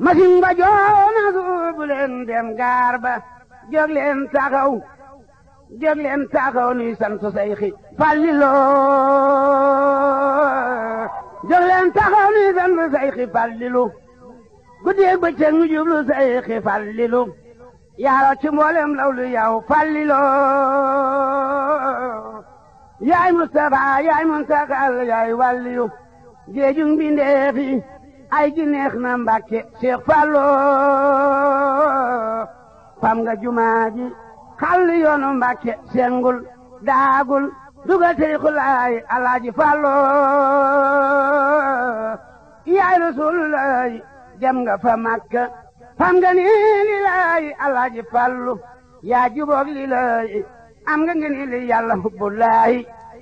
ma ba joona suubu dem gaar ba jóg leen taxaw jóg leen taxaw nuy sant sayxi Fallilo jóg leen taxaw nuy sant sayxi Fallilu guddeeg bëccëg ñu jublu sayxi Fallilu yaaro ci law lu yow Fallilo yaay Mustafa yaay Muntakal yaay wàlliyu géejug mbindeef ay gi na mbàkke Cheikh Fallo fam nga jumaa ji xàll yoonu mbàkke sengul daagul dugal tariixu laay alaaji Fallo yaay rasulullaay jam nga fa Makka fam nga ni laay alaaji Fallu yaa juboog li laay am nga ngeen li yàlla hubbu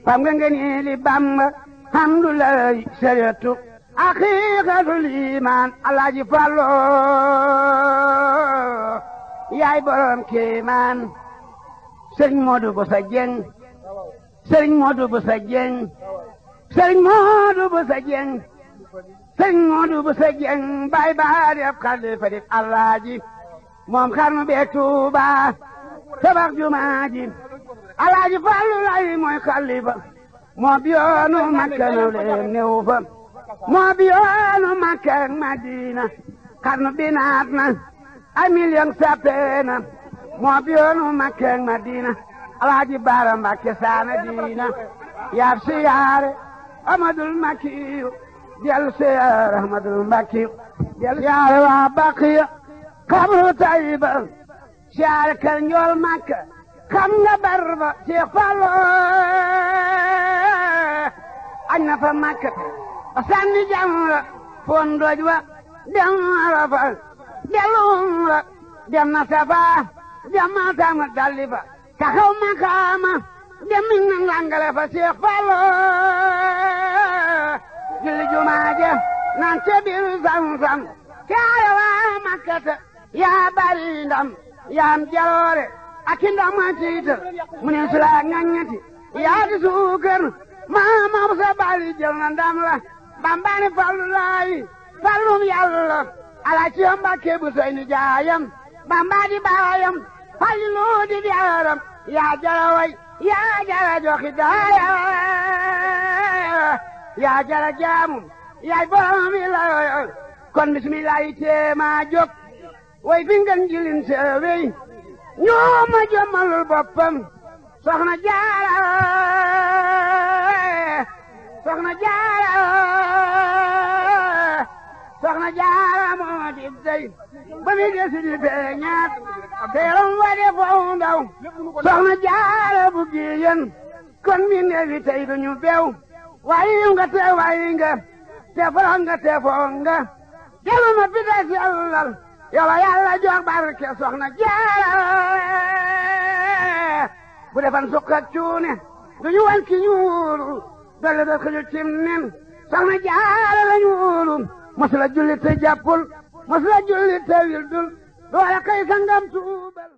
fam nga ngeen li Bàmba hamdulaay sariyatu haqiqatul iman alaaji Fallu yaay borom kéemaan sëriñ Modou Boussa Dieng sëriñ Modou Boussa Dieng sëriñ Modou Boussa Dieng bay baa def xalifa di moom xarnu bee Tuuba tabax jumaa ji alaaji Fallu mooy xalifa moom yoonu Makka new leen néew fa moo bi yoonu Makka ak Madina ay million sappee moo bi yoonu Makka ak Madina Alaaji Baara saana diina yaab siyaare Amadul Makkiyu dellu siyaare Amadul Makkiyu dellu siyaare waa Baqiya xabru Tayiba siyaare kër njool Makka xam nga barba Seex Fallu añ na fa Makka sànni jamra fon doj wa dem Arafat dellu umra dem na Safaa dem ma tama dalli fa taxaw makaama dem mi nan langale fa Seex julli jumaa nan ca biir Samsam kaaya waa Makkata yaa bari ndam yaa am jaloore ak ndam ma tiital mu ne su la ngañati suukar ma sa bari jël na ndam la Bamba ni fallu laay fallum yàlla alaaji Mbàkke bu sey ni jaayam Bamba di baayam fallu di jaaram yaa jara way yaa jara joxi daaya yaa jara jaamum yaay borom kon bismillah teema jóg way fi jilin seewey ñoo ma boppam soxna jaara soxna jaara soxna jaara moo di dey ba mi desi di feeñaat teeram wa de foofu ndaw soxna jaara bu jigéen kon mi neefi tey duñu bew waayu nga te waayu nga te forox nga te foof nga jëlu ma pita sellal jaara bu defan sukk ak cuune duñu wan ki ñuulu dolli da xëju cim nen soxna jaara la ñuulu masla julli te jàppul masla julli te wildul doole kay sangam tuubal